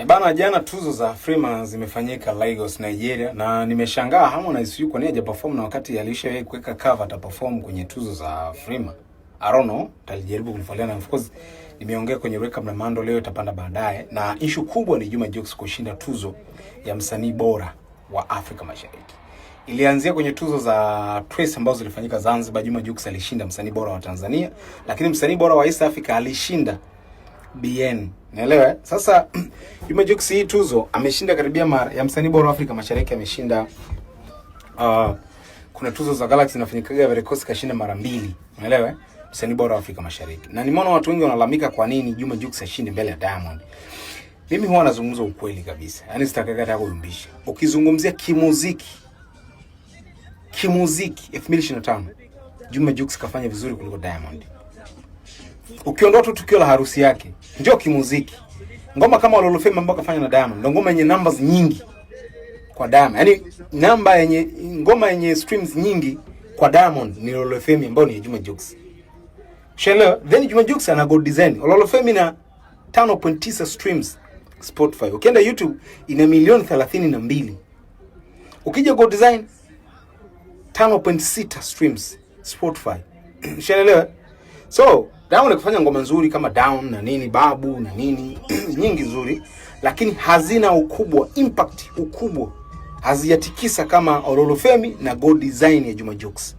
E bana, jana tuzo za Afrima zimefanyika Lagos, Nigeria na nimeshangaa Harmonize sijui kwa nini hajaperform na wakati alisha yeye kuweka cover ta perform kwenye tuzo za Afrima. I don't know, talijaribu kulifuatilia na of course nimeongea kwenye Wake na Mando leo itapanda baadaye na issue kubwa ni Juma Jux kushinda tuzo ya msanii bora wa Afrika Mashariki. Ilianzia kwenye tuzo za Trace ambazo zilifanyika Zanzibar. Juma Jux alishinda msanii bora wa Tanzania, lakini msanii bora wa East Africa alishinda BN. Naelewa? Eh? Sasa Juma Jux hii tuzo ameshinda karibia mara ya msanii bora Afrika Mashariki ameshinda uh, kuna tuzo za Galaxy na Finikega ya Verekosi kashinda mara mbili. Unaelewa? Eh? Msanii bora Afrika Mashariki. Na nimeona watu wengi wanalamika kwa nini Juma Jux ashinde mbele ya Diamond. Mimi huwa nazungumza ukweli kabisa. Yaani sitakaga hata kuumbisha. Ukizungumzia kimuziki kimuziki 2025 Juma Jux kafanya vizuri kuliko Diamond ukiondoa tu tukio la harusi yake, ndio kimuziki, ngoma kama Lulu Fame ambayo kafanya na Diamond ndio ngoma yenye numbers nyingi kwa Diamond, yaani namba yenye ngoma yenye streams nyingi kwa Diamond ni Lulu Fame ambayo ni Juma Jux. Shelo, then Juma Jux ana good design. Lulu Fame ina 5.9 streams Spotify. Ukienda YouTube ina milioni 32. Ukija Go Design 5.6 streams Spotify. Shelo. So Diamond kufanya ngoma nzuri kama Down na nini Babu na nini nyingi nzuri, lakini hazina ukubwa impact ukubwa, hazijatikisa kama Ololo Femi na God Design ya Juma Jux.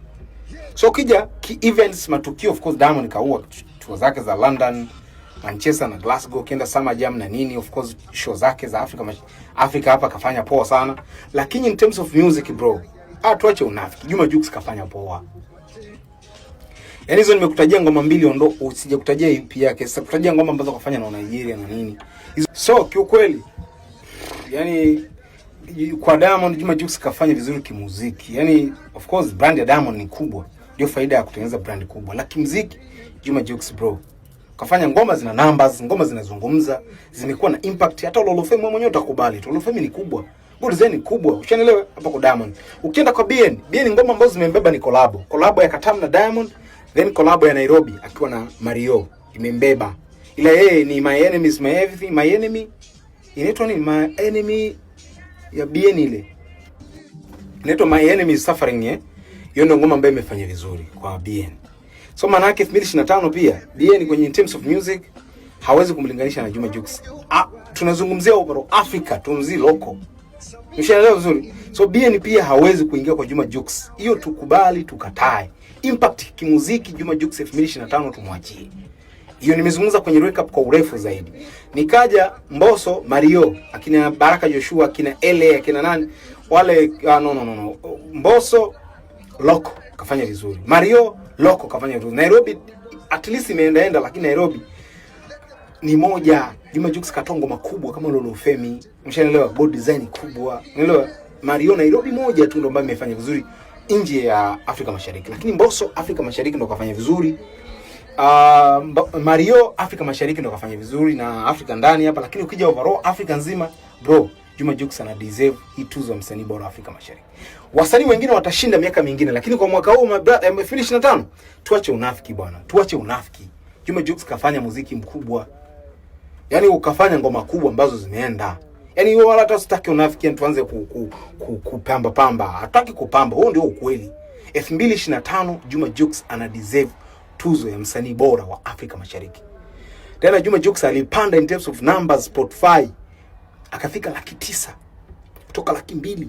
So kija ki events matukio, of course Diamond kaua tour zake za London, Manchester na Glasgow, kenda Summer Jam na nini, of course show zake za Africa Africa hapa kafanya poa sana, lakini in terms of music bro, ah, tuache unafiki. Juma Jux kafanya poa Yaani hizo nimekutajia ngoma mbili ondo, usijakutajia EP yake. Sasa kutajia ngoma ambazo kafanya na Nigeria na nini. So kiukweli yani kwa Diamond Juma Jux kafanya vizuri kimuziki. Yaani of course brand ya Diamond ni kubwa. Ndio faida ya kutengeneza brand kubwa. Lakini kimuziki Juma Jux bro kafanya ngoma zina numbers, ngoma zinazungumza, zimekuwa na impact. Hata Lolo Fame mwenyewe utakubali Lolo Fame ni kubwa. Good Zen ni kubwa. Ushanielewe hapa kwa Diamond. Ukienda kwa BN, BN ngoma ambazo zimembeba ni collab. Collab ya Katam na Diamond Then collab ya Nairobi akiwa na Mario imembeba, ila yeye ni my enemy is my everything, my enemy inaitwa ni my enemy ya bien ile inaitwa my enemy is suffering eh, hiyo ndio ngoma ambayo imefanya vizuri kwa bien. So maana yake 2025 pia bien kwenye in terms of music hawezi kumlinganisha na Juma Jux. Ah, tunazungumzia over Africa tumzi loko, mshaelewa vizuri. So bien pia hawezi kuingia kwa Juma Jux, hiyo tukubali tukatae impact kimuziki Juma Jux 2025 tumwachie. Hiyo nimezungumza kwenye wake up kwa urefu zaidi. Nikaja Mboso, Mario, akina Baraka Joshua, akina Ele, akina nani? Wale ah, no no no no. Mboso Loko kafanya vizuri. Mario Loko kafanya vizuri. Nairobi at least imeenda enda lakini Nairobi ni moja. Juma Jux katoa ngoma kubwa kama Lolo Femi. Mshaelewa, board design kubwa. Unaelewa? Mario Nairobi moja tu ndio ambaye imefanya vizuri nje ya Afrika Mashariki, lakini Mbosso Afrika Mashariki ndo kafanya vizuri. Uh, Mario Afrika Mashariki ndo kafanya vizuri na Afrika ndani hapa, lakini ukija overall Afrika nzima bro, Juma Jux ana deserve hii tuzo msanii bora Afrika Mashariki. Wasanii wengine watashinda miaka mingine, lakini kwa mwaka huu my brother, 2025 tuache unafiki bwana, tuache unafiki. Juma Jux kafanya muziki mkubwa, yaani ukafanya ngoma kubwa ambazo zimeenda Yaani wewe wala hata usitaki unafiki yaani tuanze ku, ku, ku, kupamba pamba. Hataki kupamba. Huo ndio ukweli. 2025 Juma Jux ana deserve tuzo ya msanii bora wa Afrika Mashariki. Tena Juma Jux alipanda in terms of numbers Spotify akafika laki tisa kutoka laki mbili.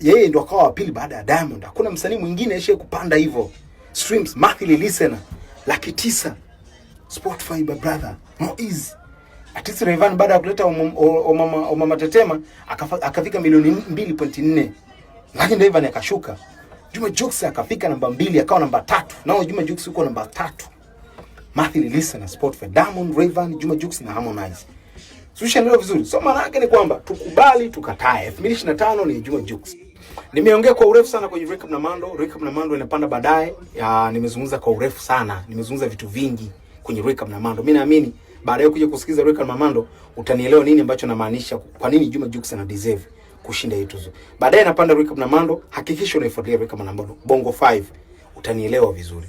Yeye ndo akawa wa pili baada ya Diamond. Hakuna msanii mwingine aishaye kupanda hivyo. Streams monthly listener laki tisa Spotify, my brother, no easy. Artist Rayvanny baada ya kuleta Omama Omama Tetema akafika milioni 2.4, lakini Rayvanny akashuka. Juma Jux akafika namba mbili akawa namba tatu, nao Juma Jux yuko namba tatu. Mathili Lisa na for Diamond, Rayvanny, Juma Jux na Harmonize. Sushi ndio vizuri. So maana yake ni kwamba tukubali tukatae. 2025 ni Juma Jux. Nimeongea kwa urefu sana kwenye Recap na Mando. Recap na Mando inapanda baadaye. Ah, nimezungumza kwa urefu sana. Nimezungumza vitu vingi kwenye Recap na Mando. Mimi naamini baadaye kuja kusikiza Reka Mamando utanielewa nini ambacho namaanisha, kwa nini Juma Jux ana deserve kushinda hii tuzo. Baadaye napanda Reka Mamando, hakikisha unaifuatilia Reka Mamando Bongo 5 utanielewa vizuri.